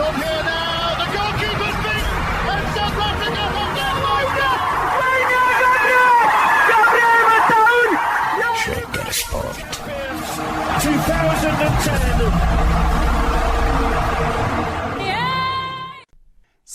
Don't hit!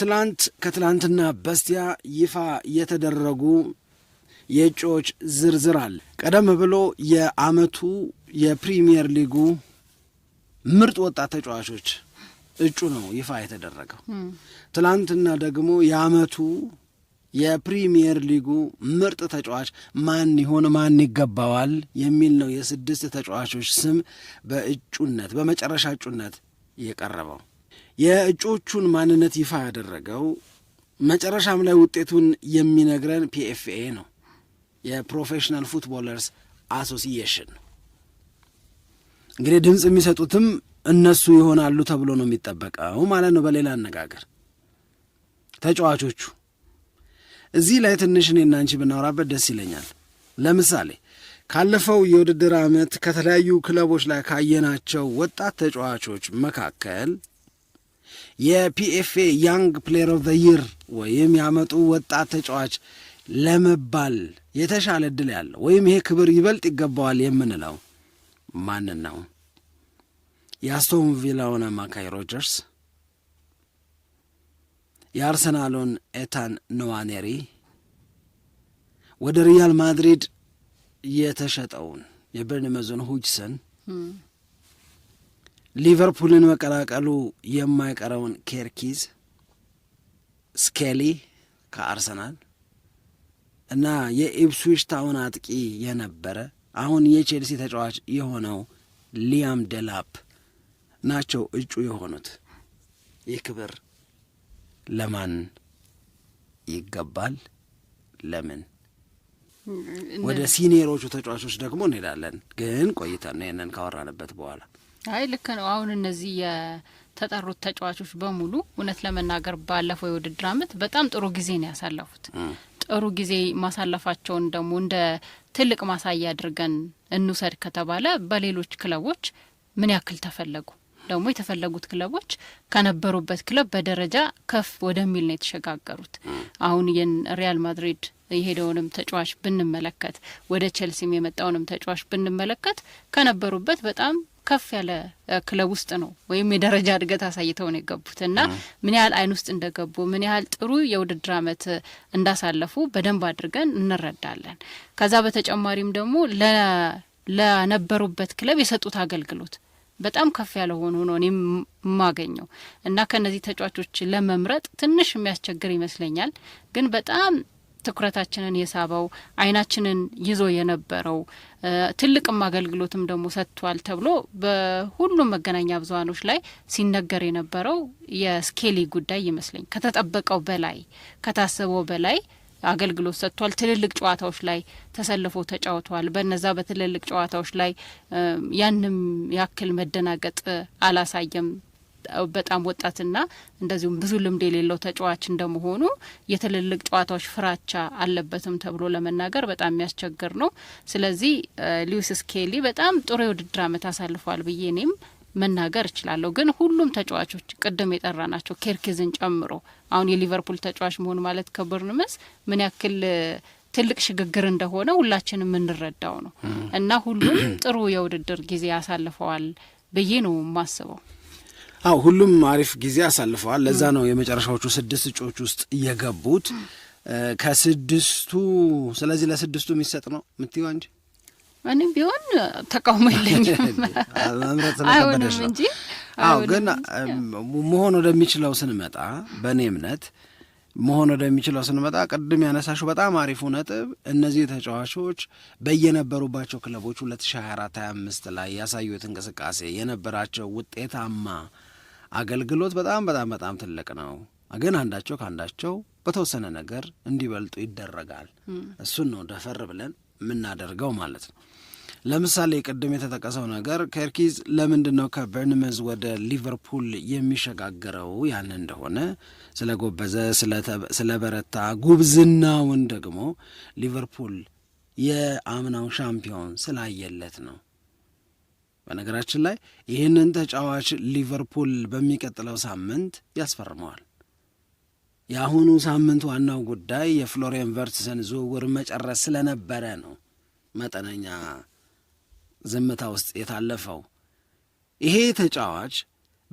ትላንት ከትላንትና በስቲያ ይፋ የተደረጉ የእጩዎች ዝርዝር አለ። ቀደም ብሎ የአመቱ የፕሪሚየር ሊጉ ምርጥ ወጣት ተጫዋቾች እጩ ነው ይፋ የተደረገው። ትላንትና ደግሞ የአመቱ የፕሪሚየር ሊጉ ምርጥ ተጫዋች ማን ይሆን ማን ይገባዋል የሚል ነው የስድስት ተጫዋቾች ስም በእጩነት በመጨረሻ እጩነት የቀረበው። የእጩዎቹን ማንነት ይፋ ያደረገው መጨረሻም ላይ ውጤቱን የሚነግረን ፒኤፍኤ ነው፣ የፕሮፌሽናል ፉትቦለርስ አሶሲዬሽን ነው። እንግዲህ ድምፅ የሚሰጡትም እነሱ ይሆናሉ ተብሎ ነው የሚጠበቀው ማለት ነው። በሌላ አነጋገር ተጫዋቾቹ እዚህ ላይ ትንሽ እኔና አንቺ ብናወራበት ደስ ይለኛል። ለምሳሌ ካለፈው የውድድር ዓመት ከተለያዩ ክለቦች ላይ ካየናቸው ወጣት ተጫዋቾች መካከል የፒኤፍኤ ያንግ ፕሌየር ኦፍ ዘ ይር ወይም ያመጡ ወጣት ተጫዋች ለመባል የተሻለ እድል ያለው ወይም ይሄ ክብር ይበልጥ ይገባዋል የምንለው ማንን ነው? የአስቶን ቪላውን አማካይ ሮጀርስ፣ የአርሰናሉን ኤታን ነዋኔሪ፣ ወደ ሪያል ማድሪድ የተሸጠውን የበርንመዞን ሁጅሰን ሊቨርፑልን መቀላቀሉ የማይቀረውን ኬርኪዝ፣ ስኬሊ ከአርሰናል እና የኢፕስዊች ታውን አጥቂ የነበረ አሁን የቼልሲ ተጫዋች የሆነው ሊያም ደላፕ ናቸው እጩ የሆኑት። ይህ ክብር ለማን ይገባል? ለምን? ወደ ሲኒየሮቹ ተጫዋቾች ደግሞ እንሄዳለን፣ ግን ቆይተን ነው ይህንን ካወራንበት በኋላ አይ ልክ ነው። አሁን እነዚህ የተጠሩት ተጫዋቾች በሙሉ እውነት ለመናገር ባለፈው የውድድር አመት በጣም ጥሩ ጊዜ ነው ያሳለፉት። ጥሩ ጊዜ ማሳለፋቸውን ደግሞ እንደ ትልቅ ማሳያ አድርገን እንውሰድ ከተባለ በሌሎች ክለቦች ምን ያክል ተፈለጉ ደግሞ የተፈለጉት ክለቦች ከነበሩበት ክለብ በደረጃ ከፍ ወደሚል ነው የተሸጋገሩት። አሁን ሪያል ማድሪድ የሄደውንም ተጫዋች ብንመለከት፣ ወደ ቼልሲም የመጣውንም ተጫዋች ብንመለከት ከነበሩበት በጣም ከፍ ያለ ክለብ ውስጥ ነው ወይም የደረጃ እድገት አሳይተው ነው የገቡት እና ምን ያህል አይን ውስጥ እንደገቡ ምን ያህል ጥሩ የውድድር ዓመት እንዳሳለፉ በደንብ አድርገን እንረዳለን። ከዛ በተጨማሪም ደግሞ ለነበሩበት ክለብ የሰጡት አገልግሎት በጣም ከፍ ያለ ሆኖ ነው እኔ የማገኘው እና ከነዚህ ተጫዋቾች ለመምረጥ ትንሽ የሚያስቸግር ይመስለኛል ግን በጣም ትኩረታችንን የሳበው አይናችንን ይዞ የነበረው ትልቅም አገልግሎትም ደግሞ ሰጥቷል ተብሎ በሁሉም መገናኛ ብዙሀኖች ላይ ሲነገር የነበረው የስኬሊ ጉዳይ ይመስለኝ ከተጠበቀው በላይ ከታሰበው በላይ አገልግሎት ሰጥቷል። ትልልቅ ጨዋታዎች ላይ ተሰልፎ ተጫውቷል። በነዛ በትልልቅ ጨዋታዎች ላይ ያንም ያክል መደናገጥ አላሳየም። በጣም ወጣትና እንደዚሁም ብዙ ልምድ የሌለው ተጫዋች እንደመሆኑ የትልልቅ ጨዋታዎች ፍራቻ አለበትም ተብሎ ለመናገር በጣም የሚያስቸግር ነው። ስለዚህ ሊዊስ ስኬሊ በጣም ጥሩ የውድድር ዓመት አሳልፏል ብዬ እኔም መናገር እችላለሁ። ግን ሁሉም ተጫዋቾች ቅድም የጠራ ናቸው ኬርኬዝን ጨምሮ አሁን የሊቨርፑል ተጫዋች መሆን ማለት ከቦርንመስ ምን ያክል ትልቅ ሽግግር እንደሆነ ሁላችንም የምንረዳው ነው እና ሁሉም ጥሩ የውድድር ጊዜ ያሳልፈዋል ብዬ ነው የማስበው። አው ሁሉም አሪፍ ጊዜ አሳልፈዋል። ለዛ ነው የመጨረሻዎቹ ስድስት እጩዎች ውስጥ የገቡት ከስድስቱ። ስለዚህ ለስድስቱ የሚሰጥ ነው የምትይው አንቺ? እኔም ቢሆን ተቃውሞ የለኝም አይሆንም እንጂ አዎ። ግን መሆን ወደሚችለው ስንመጣ በእኔ እምነት መሆን ወደሚችለው ስንመጣ ቅድም ያነሳሽው በጣም አሪፉ ነጥብ እነዚህ ተጫዋቾች በየነበሩባቸው ክለቦች 2024/25 ላይ ያሳዩት እንቅስቃሴ የነበራቸው ውጤታማ አገልግሎት በጣም በጣም በጣም ትልቅ ነው፣ ግን አንዳቸው ከአንዳቸው በተወሰነ ነገር እንዲበልጡ ይደረጋል። እሱን ነው ደፈር ብለን የምናደርገው ማለት ነው። ለምሳሌ ቅድም የተጠቀሰው ነገር ከርኪዝ ለምንድን ነው ከበርንመዝ ወደ ሊቨርፑል የሚሸጋገረው? ያን እንደሆነ ስለ ጎበዘ ስለ በረታ፣ ጉብዝናውን ደግሞ ሊቨርፑል የአምናው ሻምፒዮን ስላየለት ነው። በነገራችን ላይ ይህንን ተጫዋች ሊቨርፑል በሚቀጥለው ሳምንት ያስፈርመዋል። የአሁኑ ሳምንት ዋናው ጉዳይ የፍሎሪየን ቨርትሰን ዝውውር መጨረስ ስለነበረ ነው መጠነኛ ዝምታ ውስጥ የታለፈው። ይሄ ተጫዋች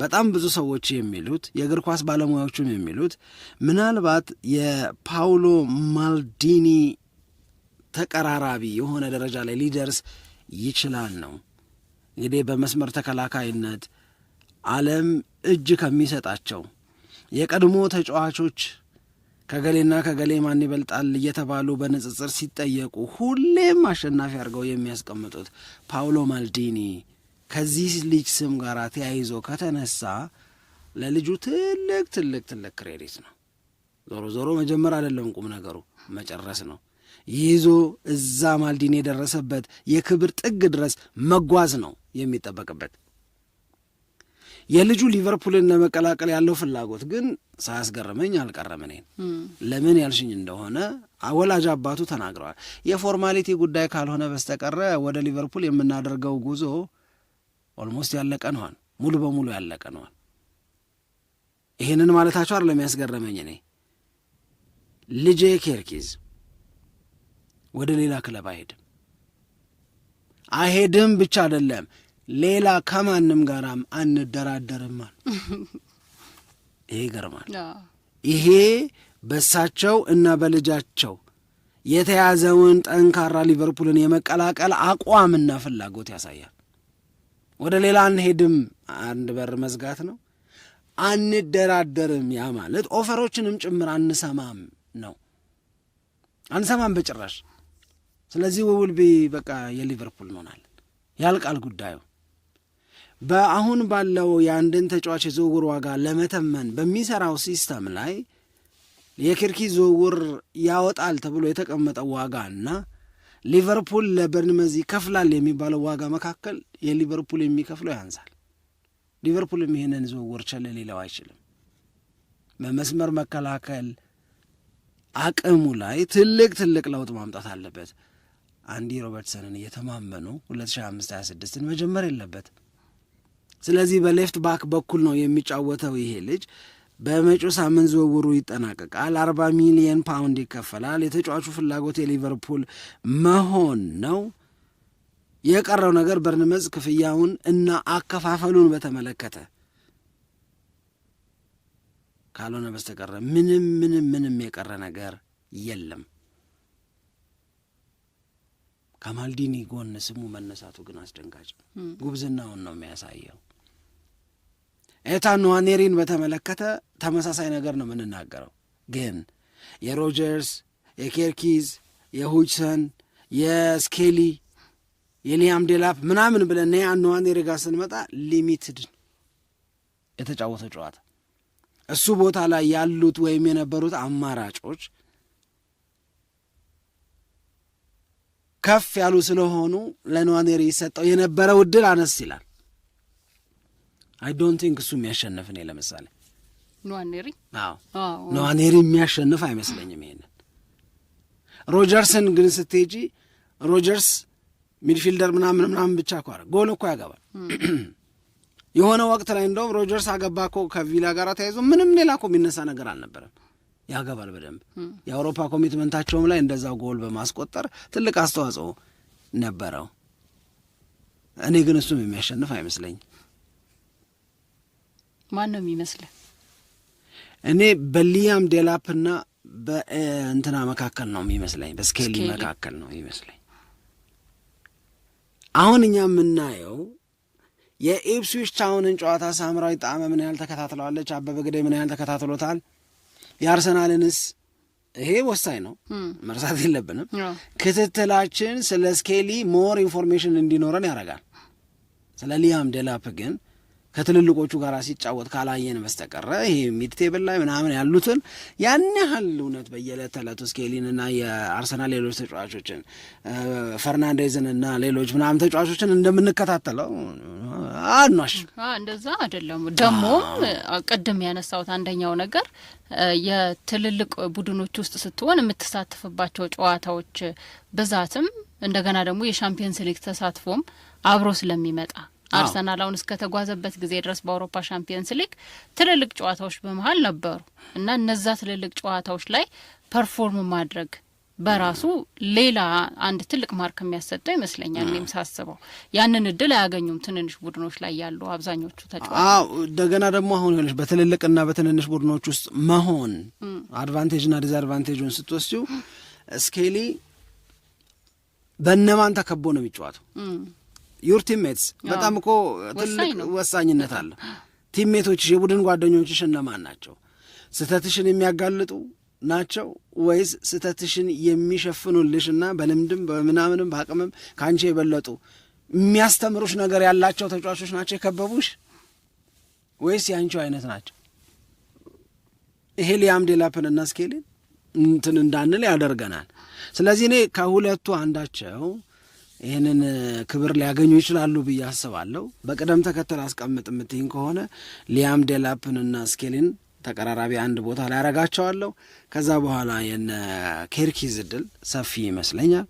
በጣም ብዙ ሰዎች የሚሉት የእግር ኳስ ባለሙያዎቹም የሚሉት ምናልባት የፓውሎ ማልዲኒ ተቀራራቢ የሆነ ደረጃ ላይ ሊደርስ ይችላል ነው እንግዲህ በመስመር ተከላካይነት ዓለም እጅ ከሚሰጣቸው የቀድሞ ተጫዋቾች ከገሌና ከገሌ ማን ይበልጣል እየተባሉ በንጽጽር ሲጠየቁ ሁሌም አሸናፊ አድርገው የሚያስቀምጡት ፓውሎ ማልዲኒ ከዚህ ልጅ ስም ጋር ተያይዞ ከተነሳ ለልጁ ትልቅ ትልቅ ትልቅ ክሬዲት ነው። ዞሮ ዞሮ መጀመር አይደለም ቁም ነገሩ መጨረስ ነው። ይዞ እዛ ማልዲን የደረሰበት የክብር ጥግ ድረስ መጓዝ ነው የሚጠበቅበት። የልጁ ሊቨርፑልን ለመቀላቀል ያለው ፍላጎት ግን ሳያስገርመኝ አልቀረም። እኔን ለምን ያልሽኝ እንደሆነ ወላጅ አባቱ ተናግረዋል። የፎርማሊቲ ጉዳይ ካልሆነ በስተቀረ ወደ ሊቨርፑል የምናደርገው ጉዞ ኦልሞስት ያለቀ ነዋል፣ ሙሉ በሙሉ ያለቀ ነዋል። ይህንን ማለታቸው አይደለም ያስገረመኝ። እኔ ልጄ ኬርኪዝ ወደ ሌላ ክለብ አይሄድም። አይሄድም ብቻ አይደለም ሌላ ከማንም ጋራም አንደራደርም። ይሄ ይገርማል። ይሄ በሳቸው እና በልጃቸው የተያዘውን ጠንካራ ሊቨርፑልን የመቀላቀል አቋምና ፍላጎት ያሳያል። ወደ ሌላ አንሄድም፣ አንድ በር መዝጋት ነው። አንደራደርም፣ ያ ማለት ኦፈሮችንም ጭምር አንሰማም ነው። አንሰማም በጭራሽ ስለዚህ ውውል ቢ በቃ የሊቨርፑል እንሆናለን። ያልቃል ጉዳዩ። በአሁን ባለው የአንድን ተጫዋች የዝውውር ዋጋ ለመተመን በሚሰራው ሲስተም ላይ የኪርኪ ዝውውር ያወጣል ተብሎ የተቀመጠው ዋጋ እና ሊቨርፑል ለበርንመዝ ይከፍላል የሚባለው ዋጋ መካከል የሊቨርፑል የሚከፍለው ያንሳል። ሊቨርፑልም ይህንን ዝውውር ቸል ሊለው አይችልም። በመስመር መከላከል አቅሙ ላይ ትልቅ ትልቅ ለውጥ ማምጣት አለበት። አንዲ ሮበርትሰንን እየተማመኑ 2526ን መጀመር የለበት ስለዚህ በሌፍት ባክ በኩል ነው የሚጫወተው ይሄ ልጅ። በመጪው ሳምንት ዝውውሩ ይጠናቀቃል። 40 ሚሊየን ፓውንድ ይከፈላል። የተጫዋቹ ፍላጎት የሊቨርፑል መሆን ነው። የቀረው ነገር በርንመዝ ክፍያውን እና አከፋፈሉን በተመለከተ ካልሆነ በስተቀረ ምንም ምንም ምንም የቀረ ነገር የለም። ከማልዲኒ ጎን ስሙ መነሳቱ ግን አስደንጋጭ ነው። ጉብዝናውን ነው የሚያሳየው። ኤታን ንዋኔሪን በተመለከተ ተመሳሳይ ነገር ነው የምንናገረው። ግን የሮጀርስ የኬርኪዝ የሁጅሰን የስኬሊ የሊያም ዴላፕ ምናምን ብለን ኤታን ንዋኔሪ ጋር ስንመጣ ሊሚትድ የተጫወተው ጨዋታ እሱ ቦታ ላይ ያሉት ወይም የነበሩት አማራጮች ከፍ ያሉ ስለሆኑ ለንዋኔሪ ይሰጠው የነበረው እድል አነስ ይላል። አይ ዶንት ቲንክ እሱ የሚያሸንፍ እኔ ለምሳሌ ኗኔሪ አዎ ኗኔሪ የሚያሸንፍ አይመስለኝም። ይሄንን ሮጀርስን ግን ስትሄጂ ሮጀርስ ሚድፊልደር ምናምን ምናምን ብቻ እኮ ጎል እኮ ያገባል። የሆነ ወቅት ላይ እንደውም ሮጀርስ አገባ እኮ ከቪላ ጋር ተያይዞ ምንም ሌላ እኮ የሚነሳ ነገር አልነበረም። ያገባል በደንብ የአውሮፓ ኮሚትመንታቸውም ላይ እንደዛ ጎል በማስቆጠር ትልቅ አስተዋጽኦ ነበረው። እኔ ግን እሱም የሚያሸንፍ አይመስለኝም። ማን ነው እኔ በሊያም ዴላፕና በእንትና መካከል ነው የሚመስለኝ፣ በስኬሊ መካከል ነው የሚመስለኝ። አሁን እኛ የምናየው የኢፕስዊች ታውንን ጨዋታ ሳምራዊ ጣመ ምን ያህል ተከታትለዋለች፣ አበበ ግደይ ምን ያህል ተከታትሎታል የአርሰናልንስ ይሄ ወሳኝ ነው፣ መርሳት የለብንም። ክትትላችን ስለ ስኬሊ ሞር ኢንፎርሜሽን እንዲኖረን ያደርጋል። ስለ ሊያም ደላፕ ግን ከትልልቆቹ ጋር ሲጫወት ካላየን በስተቀረ ይሄ ሚድቴብል ላይ ምናምን ያሉትን ያን ያህል እውነት በየዕለት ተዕለት ስኬሊንና የአርሰናል ሌሎች ተጫዋቾችን ፈርናንዴዝን እና ሌሎች ምናምን ተጫዋቾችን እንደምንከታተለው አድኗሽ እንደዛ አይደለም። ደግሞም ቅድም ያነሳሁት አንደኛው ነገር የትልልቅ ቡድኖች ውስጥ ስትሆን የምትሳተፍባቸው ጨዋታዎች ብዛትም እንደገና ደግሞ የሻምፒየንስ ሊግ ተሳትፎም አብሮ ስለሚመጣ አርሰናል አሁን እስከተጓዘበት ጊዜ ድረስ በአውሮፓ ሻምፒየንስ ሊግ ትልልቅ ጨዋታዎች በመሀል ነበሩ እና እነዛ ትልልቅ ጨዋታዎች ላይ ፐርፎርም ማድረግ በራሱ ሌላ አንድ ትልቅ ማርክ የሚያሰጠው ይመስለኛል። እኔም ሳስበው ያንን እድል አያገኙም ትንንሽ ቡድኖች ላይ ያሉ አብዛኞቹ ተጫዋቾች። እንደገና ደግሞ አሁን ሆነች በትልልቅና በትንንሽ ቡድኖች ውስጥ መሆን አድቫንቴጅና ዲስአድቫንቴጁን ስትወስዱ ስኬሊ በእነማን ተከቦ ነው የሚጫወተው? ዩር ቲሜትስ በጣም እኮ ትልቅ ወሳኝነት አለ። ቲሜቶችሽ የቡድን ጓደኞችሽ እነማን ናቸው? ስህተትሽን የሚያጋልጡ ናቸው ወይስ ስህተትሽን የሚሸፍኑልሽ እና በልምድም በምናምንም በአቅምም ከአንቺ የበለጡ የሚያስተምሩሽ ነገር ያላቸው ተጫዋቾች ናቸው የከበቡሽ ወይስ የአንቺው አይነት ናቸው? ይሄ ሊያም ዴላፕን እና ስኬሊን እንትን እንዳንል ያደርገናል። ስለዚህ እኔ ከሁለቱ አንዳቸው ይህንን ክብር ሊያገኙ ይችላሉ ብዬ አስባለሁ። በቅደም ተከተል አስቀምጥ የምትይኝ ከሆነ ሊያም ዴላፕንና ስኬሊን ተቀራራቢ አንድ ቦታ ላይ ያረጋቸዋለሁ። ከዛ በኋላ የነ ኬርኪዝ እድል ሰፊ ይመስለኛል።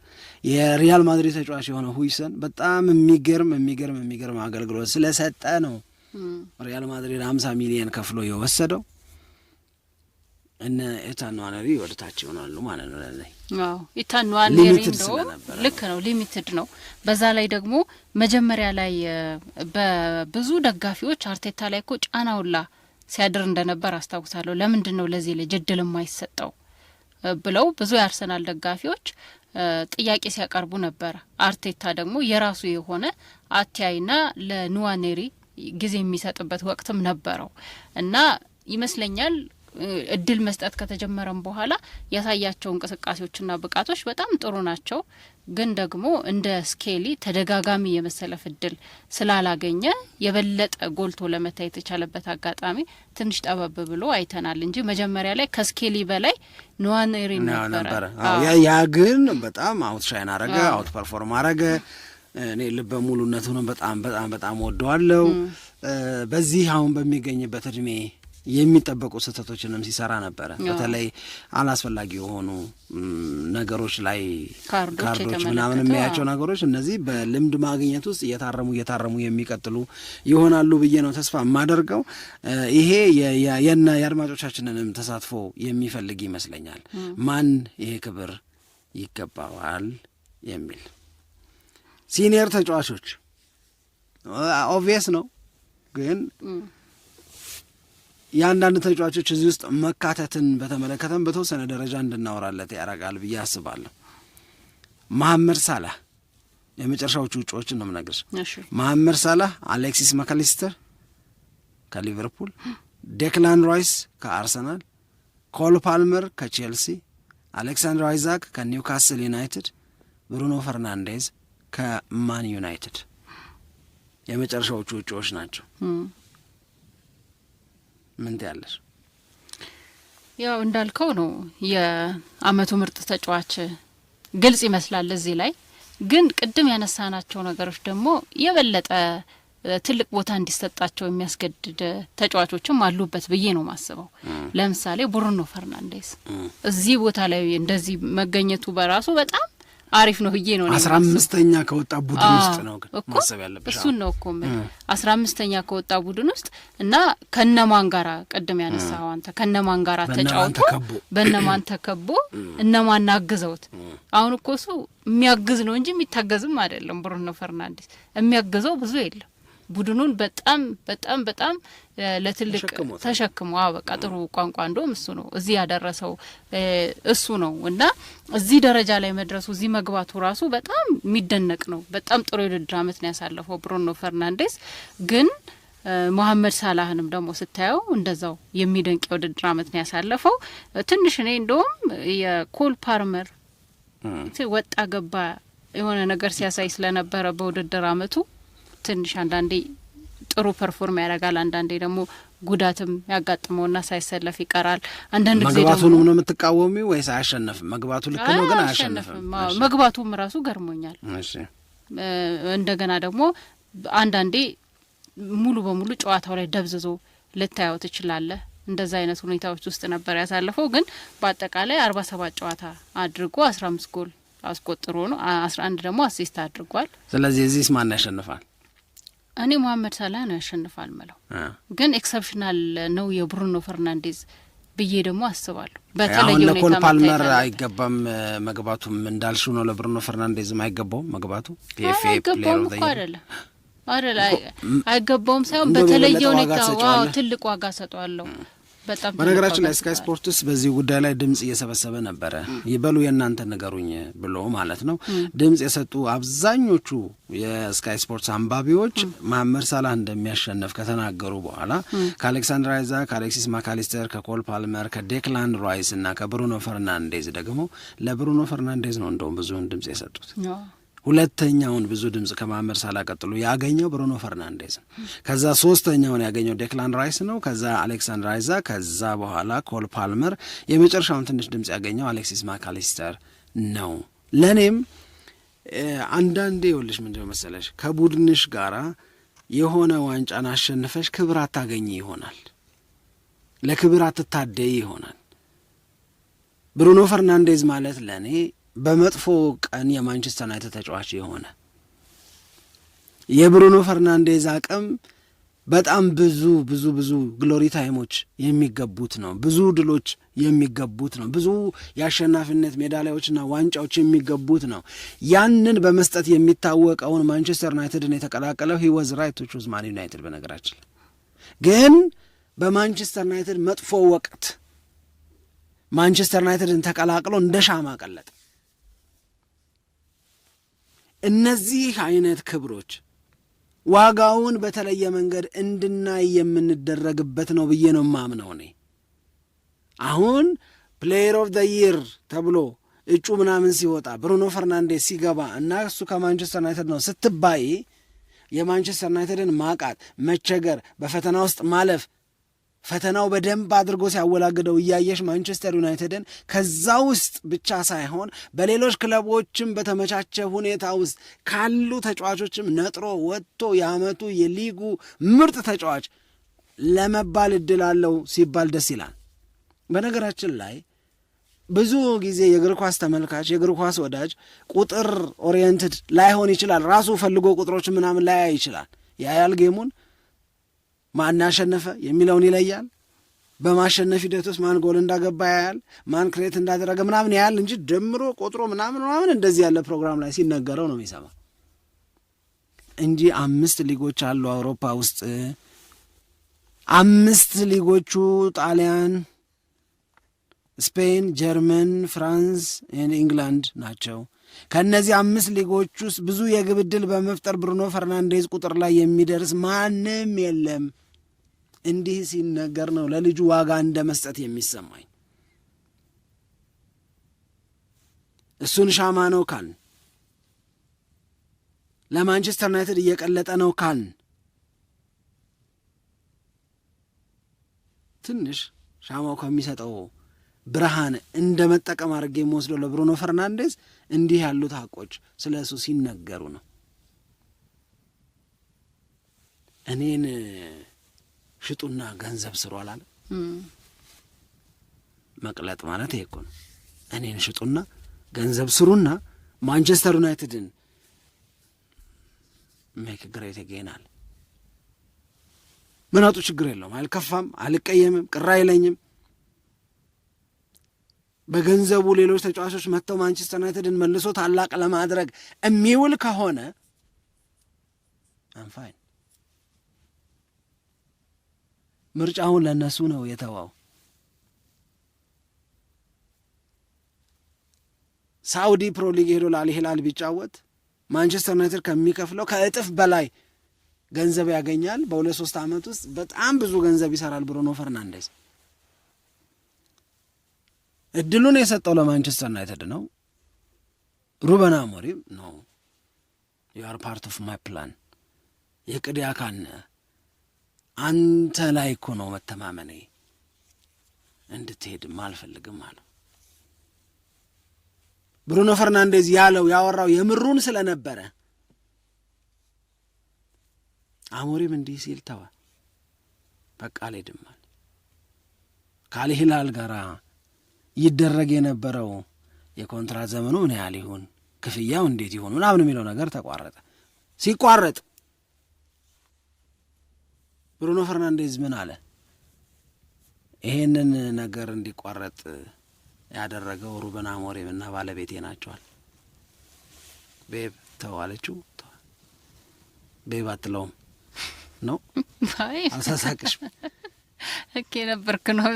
የሪያል ማድሪድ ተጫዋች የሆነ ሁይሰን በጣም የሚገርም የሚገርም የሚገርም አገልግሎት ስለሰጠ ነው ሪያል ማድሪድ 50 ሚሊየን ከፍሎ የወሰደው። እነ ኤታን ንዋነሪ ወደ ታች ይሆናሉ ማለት ነው። ለላይ ኢታን ንዋነሪ ልክ ነው፣ ሊሚትድ ነው። በዛ ላይ ደግሞ መጀመሪያ ላይ በብዙ ደጋፊዎች አርቴታ ላይ እኮ ጫናውላ ሲያድር እንደነበር አስታውሳለሁ። ለምንድን ነው ለዚህ ልጅ እድል የማይሰጠው ብለው ብዙ የአርሰናል ደጋፊዎች ጥያቄ ሲያቀርቡ ነበር። አርቴታ ደግሞ የራሱ የሆነ አቲያይና ለኑዋኔሪ ጊዜ የሚሰጥበት ወቅትም ነበረው እና ይመስለኛል እድል መስጠት ከተጀመረም በኋላ ያሳያቸው እንቅስቃሴዎችና ብቃቶች በጣም ጥሩ ናቸው። ግን ደግሞ እንደ ስኬሊ ተደጋጋሚ የመሰለፍ እድል ስላላገኘ የበለጠ ጎልቶ ለመታየት የቻለበት አጋጣሚ ትንሽ ጠበብ ብሎ አይተናል እንጂ መጀመሪያ ላይ ከስኬሊ በላይ ንዋኔሪ ነበረ። ያ ግን በጣም አውት ሻይን አረገ፣ አውት ፐርፎርም አረገ። እኔ ልበ ሙሉነቱንም በጣም በጣም በጣም ወደዋለው። በዚህ አሁን በሚገኝበት እድሜ የሚጠበቁ ስህተቶችንም ሲሰራ ነበረ። በተለይ አላስፈላጊ የሆኑ ነገሮች ላይ ካርዶች ምናምን የሚያያቸው ነገሮች እነዚህ በልምድ ማግኘት ውስጥ እየታረሙ እየታረሙ የሚቀጥሉ ይሆናሉ ብዬ ነው ተስፋ የማደርገው። ይሄ የና የአድማጮቻችንንም ተሳትፎ የሚፈልግ ይመስለኛል። ማን ይሄ ክብር ይገባዋል የሚል ሲኒየር ተጫዋቾች ኦብቪየስ ነው ግን የአንዳንድ ተጫዋቾች እዚህ ውስጥ መካተትን በተመለከተም በተወሰነ ደረጃ እንድናወራለት ያረጋል ብዬ አስባለሁ። መሐመድ ሳላህ የመጨረሻዎቹ ውጪዎችን ነው የምነግርሽ። መሐመድ ሳላህ፣ አሌክሲስ መካሊስተር ከሊቨርፑል፣ ዴክላን ራይስ ከአርሰናል፣ ኮል ፓልመር ከቼልሲ፣ አሌክሳንድር አይዛክ ከኒውካስል ዩናይትድ፣ ብሩኖ ፈርናንዴዝ ከማን ዩናይትድ የመጨረሻዎቹ ውጪዎች ናቸው። ምን ትያለሽ? ያው እንዳልከው ነው የአመቱ ምርጥ ተጫዋች ግልጽ ይመስላል። እዚህ ላይ ግን ቅድም ያነሳናቸው ነገሮች ደግሞ የበለጠ ትልቅ ቦታ እንዲሰጣቸው የሚያስገድድ ተጫዋቾችም አሉበት ብዬ ነው ማስበው። ለምሳሌ ቡሩኖ ፈርናንዴስ እዚህ ቦታ ላይ እንደዚህ መገኘቱ በራሱ በጣም አሪፍ ነው ብዬ ነው። አስራ አምስተኛ ከወጣ ቡድን ውስጥ ነው ግን ማሰብ ያለብሽ እሱን ነው እኮ አስራ አምስተኛ ከወጣ ቡድን ውስጥ እና ከነማን ጋራ ቅድም ያነሳኸው አንተ ከነማን ጋራ ተጫውቶ በነማን ተከቦ እነማን አግዘውት። አሁን እኮ እሱ የሚያግዝ ነው እንጂ የሚታገዝም አይደለም። ብሩኖ ፈርናንዴስ የሚያግዘው ብዙ የለም። ቡድኑን በጣም በጣም በጣም ለትልቅ ተሸክሞ በቃ ጥሩ ቋንቋ እንደውም እሱ ነው እዚህ ያደረሰው እሱ ነው እና እዚህ ደረጃ ላይ መድረሱ እዚህ መግባቱ ራሱ በጣም የሚደነቅ ነው። በጣም ጥሩ የውድድር አመት ነው ያሳለፈው ብሩኖ ፈርናንዴስ ግን መሀመድ ሳላህንም ደግሞ ስታየው እንደዛው የሚደንቅ የውድድር አመት ነው ያሳለፈው። ትንሽ እኔ እንደውም የኮል ፓርመር ወጣ ገባ የሆነ ነገር ሲያሳይ ስለነበረ በውድድር አመቱ ትንሽ አንዳንዴ ጥሩ ፐርፎርም ያደርጋል፣ አንዳንዴ ደግሞ ጉዳትም ያጋጥመውና ሳይሰለፍ ይቀራል። አንዳንድ ጊዜ መግባቱን ነው የምትቃወሚ ወይስ አያሸነፍም? መግባቱ ልክ ነው ግን አያሸነፍም። መግባቱም ራሱ ገርሞኛል። እንደገና ደግሞ አንዳንዴ ሙሉ በሙሉ ጨዋታው ላይ ደብዝዞ ልታየው ትችላለህ። እንደዛ አይነት ሁኔታዎች ውስጥ ነበር ያሳለፈው። ግን በአጠቃላይ አርባ ሰባት ጨዋታ አድርጎ አስራ አምስት ጎል አስቆጥሮ ነው አስራ አንድ ደግሞ አሲስት አድርጓል። ስለዚህ እዚህስ ማን ያሸንፋል? እኔ ሞሐመድ ሳላ ነው ያሸንፋል ምለው፣ ግን ኤክሰፕሽናል ነው የብሩኖ ፈርናንዴዝ ብዬ ደግሞ አስባለሁ። በተለይ ለኮል ፓልመር አይገባም መግባቱም እንዳልሽው ነው። ለብሩኖ ፈርናንዴዝም አይገባውም መግባቱ አይገባውም እኮ አይደለም አይደል አይገባውም ሳይሆን በተለየ ሁኔታ ትልቅ ዋጋ ሰጠዋለሁ በነገራችን ላይ ስካይ ስፖርትስ በዚህ ጉዳይ ላይ ድምፅ እየሰበሰበ ነበረ። ይበሉ የእናንተ ንገሩኝ ብሎ ማለት ነው። ድምፅ የሰጡ አብዛኞቹ የስካይ ስፖርትስ አንባቢዎች መሐመድ ሳላህ እንደሚያሸነፍ ከተናገሩ በኋላ ከአሌክሳንድር አይዛ፣ ከአሌክሲስ ማካሊስተር፣ ከኮል ፓልመር፣ ከዴክላን ራይስ እና ከብሩኖ ፈርናንዴዝ ደግሞ ለብሩኖ ፈርናንዴዝ ነው እንደውም ብዙውን ድምፅ የሰጡት። ሁለተኛውን ብዙ ድምፅ ከማመር ሳላ ያገኘው ብሩኖ ፈርናንዴዝ ነው። ከዛ ሶስተኛውን ያገኘው ዴክላን ራይስ ነው። ከዛ አሌክሳንድር አይዛ፣ ከዛ በኋላ ኮል ፓልመር፣ የመጨረሻውን ትንሽ ድምፅ ያገኘው አሌክሲስ ማካሊስተር ነው። ለእኔም አንዳንዴ ይኸውልሽ ምንድን ነው መሰለሽ ከቡድንሽ ጋራ የሆነ ዋንጫን አሸንፈሽ ክብር አታገኝ ይሆናል፣ ለክብር አትታደይ ይሆናል። ብሩኖ ፈርናንዴዝ ማለት ለእኔ በመጥፎ ቀን የማንቸስተር ዩናይትድ ተጫዋች የሆነ የብሩኖ ፈርናንዴዝ አቅም በጣም ብዙ ብዙ ብዙ ግሎሪ ታይሞች የሚገቡት ነው። ብዙ ድሎች የሚገቡት ነው። ብዙ የአሸናፊነት ሜዳሊያዎችና ዋንጫዎች የሚገቡት ነው። ያንን በመስጠት የሚታወቀውን ማንቸስተር ዩናይትድን የተቀላቀለው ሂወዝ ራይት ቹዝ ማን ዩናይትድ። በነገራችን ግን በማንቸስተር ዩናይትድ መጥፎ ወቅት ማንቸስተር ዩናይትድን ተቀላቅሎ እንደ ሻማ ቀለጠ። እነዚህ አይነት ክብሮች ዋጋውን በተለየ መንገድ እንድናይ የምንደረግበት ነው ብዬ ነው ማምነው። እኔ አሁን ፕሌየር ኦፍ ዘ ይር ተብሎ እጩ ምናምን ሲወጣ ብሩኖ ፈርናንዴስ ሲገባ እና እሱ ከማንቸስተር ዩናይትድ ነው ስትባይ የማንቸስተር ዩናይትድን ማቃት፣ መቸገር፣ በፈተና ውስጥ ማለፍ ፈተናው በደንብ አድርጎ ሲያወላግደው እያየሽ ማንቸስተር ዩናይትድን ከዛ ውስጥ ብቻ ሳይሆን በሌሎች ክለቦችም በተመቻቸ ሁኔታ ውስጥ ካሉ ተጫዋቾችም ነጥሮ ወጥቶ የአመቱ የሊጉ ምርጥ ተጫዋች ለመባል እድል አለው ሲባል ደስ ይላል። በነገራችን ላይ ብዙ ጊዜ የእግር ኳስ ተመልካች የእግር ኳስ ወዳጅ ቁጥር ኦሪየንትድ ላይሆን ይችላል። ራሱ ፈልጎ ቁጥሮች ምናምን ላያ ይችላል። ያያል ጌሙን ማን ያሸነፈ የሚለውን ይለያል። በማሸነፍ ሂደት ውስጥ ማን ጎል እንዳገባ ያያል፣ ማን ክሬት እንዳደረገ ምናምን ያያል እንጂ ደምሮ ቆጥሮ ምናምን ምናምን እንደዚህ ያለ ፕሮግራም ላይ ሲነገረው ነው የሚሰማ እንጂ አምስት ሊጎች አሉ አውሮፓ ውስጥ። አምስት ሊጎቹ ጣሊያን፣ ስፔን፣ ጀርመን፣ ፍራንስ፣ ኢንግላንድ ናቸው። ከእነዚህ አምስት ሊጎች ውስጥ ብዙ የግብ ዕድል በመፍጠር ብሩኖ ፈርናንዴዝ ቁጥር ላይ የሚደርስ ማንም የለም። እንዲህ ሲነገር ነው ለልጁ ዋጋ እንደ መስጠት የሚሰማኝ። እሱን ሻማ ነው ካልን፣ ለማንቸስተር ዩናይትድ እየቀለጠ ነው ካልን፣ ትንሽ ሻማው ከሚሰጠው ብርሃን እንደ መጠቀም አድርጌ የምወስደው ለብሩኖ ፈርናንዴዝ እንዲህ ያሉት ሀቆች ስለ እሱ ሲነገሩ ነው እኔን ሽጡና ገንዘብ ስሩ አላለ። መቅለጥ ማለት ይሄ እኮ ነው። እኔን ሽጡና ገንዘብ ስሩና ማንቸስተር ዩናይትድን ሜክ ግሬት አጌን አለ። ምን አጡ ችግር የለውም። አልከፋም፣ አልቀየምም፣ ቅር አይለኝም። በገንዘቡ ሌሎች ተጫዋቾች መጥተው ማንቸስተር ዩናይትድን መልሶ ታላቅ ለማድረግ የሚውል ከሆነ አንፋይን ምርጫውን ለእነሱ ነው የተዋው። ሳውዲ ፕሮሊግ ሄዶ ለአልሂላል ቢጫወት ማንቸስተር ዩናይትድ ከሚከፍለው ከእጥፍ በላይ ገንዘብ ያገኛል። በሁለት ሶስት ዓመት ውስጥ በጣም ብዙ ገንዘብ ይሰራል ብሩኖ ፈርናንዴዝ። እድሉን የሰጠው ለማንቸስተር ዩናይትድ ነው። ሩበን አሞሪም ነው ዩ አር ፓርት ኦፍ ማይ ፕላን የቅድ አካል ነህ አንተ ላይ እኮ ነው መተማመኔ፣ እንድትሄድም አልፈልግም አለው። ብሩኖ ፈርናንዴዝ ያለው ያወራው የምሩን ስለነበረ አሞሪም እንዲህ ሲል ተወ። በቃ አልሄድም አለ። ከአልሂላል ጋር ይደረግ የነበረው የኮንትራት ዘመኑ ምን ያህል ይሁን፣ ክፍያው እንዴት ይሁን ምናምን የሚለው ነገር ተቋረጠ። ሲቋረጥ ብሩኖ ፈርናንዴዝ ምን አለ? ይሄንን ነገር እንዲቋረጥ ያደረገው ሩበን አሞሪም እና ባለቤቴ ናቸዋል። ቤብ ተው አለችው። ቤብ አትለውም ነው አልሳሳቅሽ እኬ ነበርክ ነው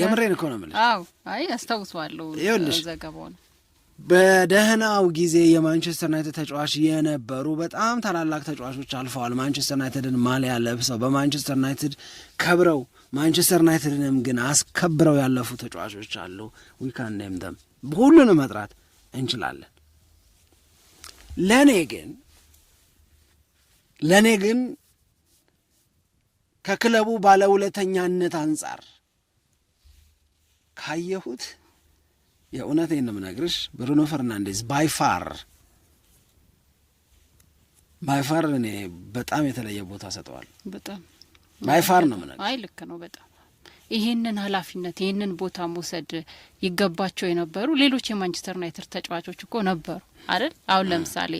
የምሬን እኮ ነው የምልሽ። አዎ አይ አስታውሰዋለሁ ዘገባውን በደህናው ጊዜ የማንቸስተር ዩናይትድ ተጫዋች የነበሩ በጣም ታላላቅ ተጫዋቾች አልፈዋል። ማንቸስተር ዩናይትድን ማሊያ ለብሰው በማንቸስተር ዩናይትድ ከብረው ማንቸስተር ዩናይትድንም ግን አስከብረው ያለፉ ተጫዋቾች አሉ። ዊካን ኔም ደም ሁሉንም መጥራት እንችላለን። ለእኔ ግን ለእኔ ግን ከክለቡ ሁለተኛነት አንጻር ካየሁት የእውነት ነው የምነግርሽ ብሩኖ ፈርናንዴዝ ባይፋር ባይፋር እኔ በጣም የተለየ ቦታ ሰጠዋል። በጣም ባይፋር ነው ምነግር። አይ ልክ ነው በጣም ይህንን ኃላፊነት ይህንን ቦታ መውሰድ ይገባቸው የነበሩ ሌሎች የማንቸስተር ዩናይትድ ተጫዋቾች እኮ ነበሩ አይደል? አሁን ለምሳሌ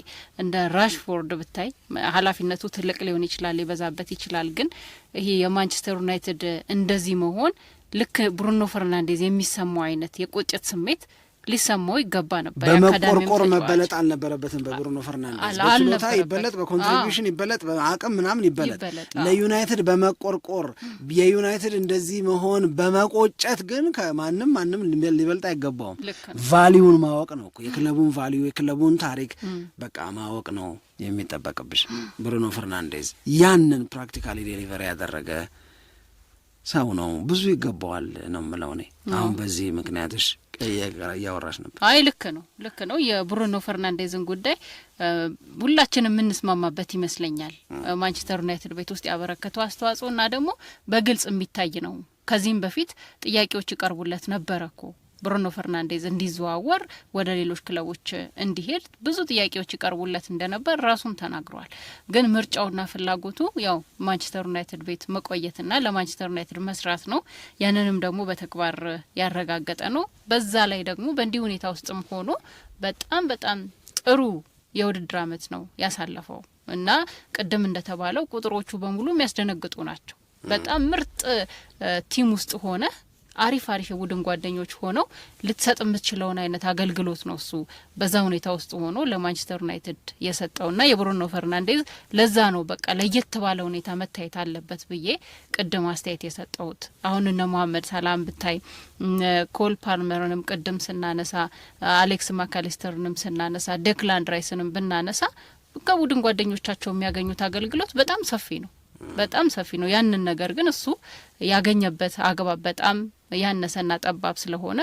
እንደ ራሽፎርድ ብታይ ኃላፊነቱ ትልቅ ሊሆን ይችላል፣ ሊበዛበት ይችላል። ግን ይሄ የማንቸስተር ዩናይትድ እንደዚህ መሆን ልክ ብሩኖ ፈርናንዴዝ የሚሰማው አይነት የቁጭት ስሜት ሊሰማው ይገባ ነበር። በመቆርቆር መበለጥ አልነበረበትም። በብሩኖ ፈርናንዴዝ በችሎታ ይበለጥ፣ በኮንትሪቢሽን ይበለጥ፣ በአቅም ምናምን ይበለጥ፣ ለዩናይትድ በመቆርቆር የዩናይትድ እንደዚህ መሆን በመቆጨት ግን ከማንም ማንም ሊበልጥ አይገባውም። ቫሊዩን ማወቅ ነው የክለቡን ቫሊዩ የክለቡን ታሪክ በቃ ማወቅ ነው የሚጠበቅብሽ። ብሩኖ ፈርናንዴዝ ያንን ፕራክቲካሊ ዴሊቨሪ ያደረገ ሰው ነው ብዙ ይገባዋል ነው ምለው እኔ አሁን በዚህ ምክንያትሽ እያወራሽ ነበር። አይ ልክ ነው ልክ ነው። የብሩኖ ፈርናንዴዝን ጉዳይ ሁላችን የምንስማማበት ይመስለኛል። ማንቸስተር ዩናይትድ ቤት ውስጥ ያበረከተው አስተዋጽኦ እና ደግሞ በግልጽ የሚታይ ነው። ከዚህም በፊት ጥያቄዎች ይቀርቡለት ነበረ እኮ ብሩኖ ፈርናንዴዝ እንዲዘዋወር ወደ ሌሎች ክለቦች እንዲሄድ ብዙ ጥያቄዎች ይቀርቡለት እንደነበር ራሱም ተናግረዋል። ግን ምርጫውና ፍላጎቱ ያው ማንቸስተር ዩናይትድ ቤት መቆየትና ለማንቸስተር ዩናይትድ መስራት ነው። ያንንም ደግሞ በተግባር ያረጋገጠ ነው። በዛ ላይ ደግሞ በእንዲህ ሁኔታ ውስጥም ሆኖ በጣም በጣም ጥሩ የውድድር አመት ነው ያሳለፈው እና ቅድም እንደተባለው ቁጥሮቹ በሙሉ የሚያስደነግጡ ናቸው። በጣም ምርጥ ቲም ውስጥ ሆነ አሪፍ አሪፍ የቡድን ጓደኞች ሆነው ልትሰጥ የምትችለውን አይነት አገልግሎት ነው እሱ በዛ ሁኔታ ውስጥ ሆኖ ለማንቸስተር ዩናይትድ የሰጠውና የብሩኖ ፈርናንዴዝ ለዛ ነው በቃ ለየት ባለ ሁኔታ መታየት አለበት ብዬ ቅድም አስተያየት የሰጠሁት። አሁን እነ መሀመድ ሳላም ብታይ ኮል ፓልመርንም ቅድም ስናነሳ አሌክስ ማካሊስተርንም ስናነሳ ደክላንድ ራይስንም ብናነሳ ከቡድን ጓደኞቻቸው የሚያገኙት አገልግሎት በጣም ሰፊ ነው። በጣም ሰፊ ነው። ያንን ነገር ግን እሱ ያገኘበት አግባብ በጣም ያነሰና ጠባብ ስለሆነ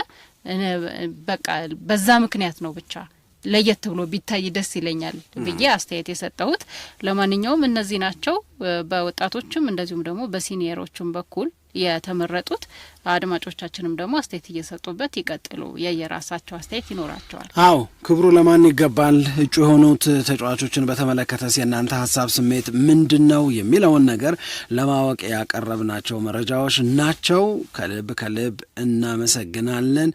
በቃ በዛ ምክንያት ነው ብቻ ለየት ብሎ ቢታይ ደስ ይለኛል ብዬ አስተያየት የሰጠሁት። ለማንኛውም እነዚህ ናቸው በወጣቶችም እንደዚሁም ደግሞ በሲኒየሮችም በኩል የተመረጡት አድማጮቻችንም ደግሞ አስተያየት እየሰጡበት ይቀጥሉ። የየራሳቸው አስተያየት ይኖራቸዋል። አዎ ክብሩ ለማን ይገባል? እጩ የሆኑት ተጫዋቾችን በተመለከተስ የእናንተ ሀሳብ፣ ስሜት ምንድን ነው የሚለውን ነገር ለማወቅ ያቀረብናቸው መረጃዎች ናቸው። ከልብ ከልብ እናመሰግናለን።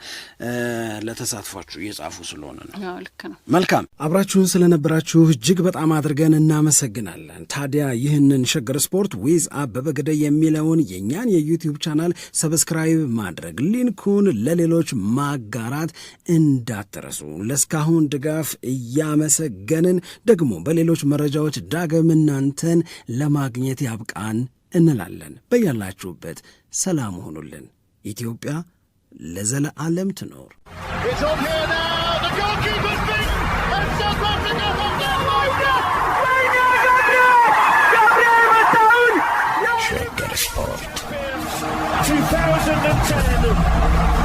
ለተሳትፏችሁ እየጻፉ ስለሆነ ነው። ልክ ነው። መልካም አብራችሁን ስለነበራችሁ እጅግ በጣም አድርገን እናመሰግናለን። ታዲያ ይህንን ሸገር ስፖርት ዊዝ አበበ ገደይ የሚለውን የእኛን የዩቲዩብ ቻናል ሰብስክራ ሰብስክራይብ ማድረግ፣ ሊንኩን ለሌሎች ማጋራት እንዳትረሱ። ለእስካሁን ድጋፍ እያመሰገንን ደግሞ በሌሎች መረጃዎች ዳግም እናንተን ለማግኘት ያብቃን እንላለን። በያላችሁበት ሰላም ሆኑልን። ኢትዮጵያ ለዘለዓለም ትኖር። 2010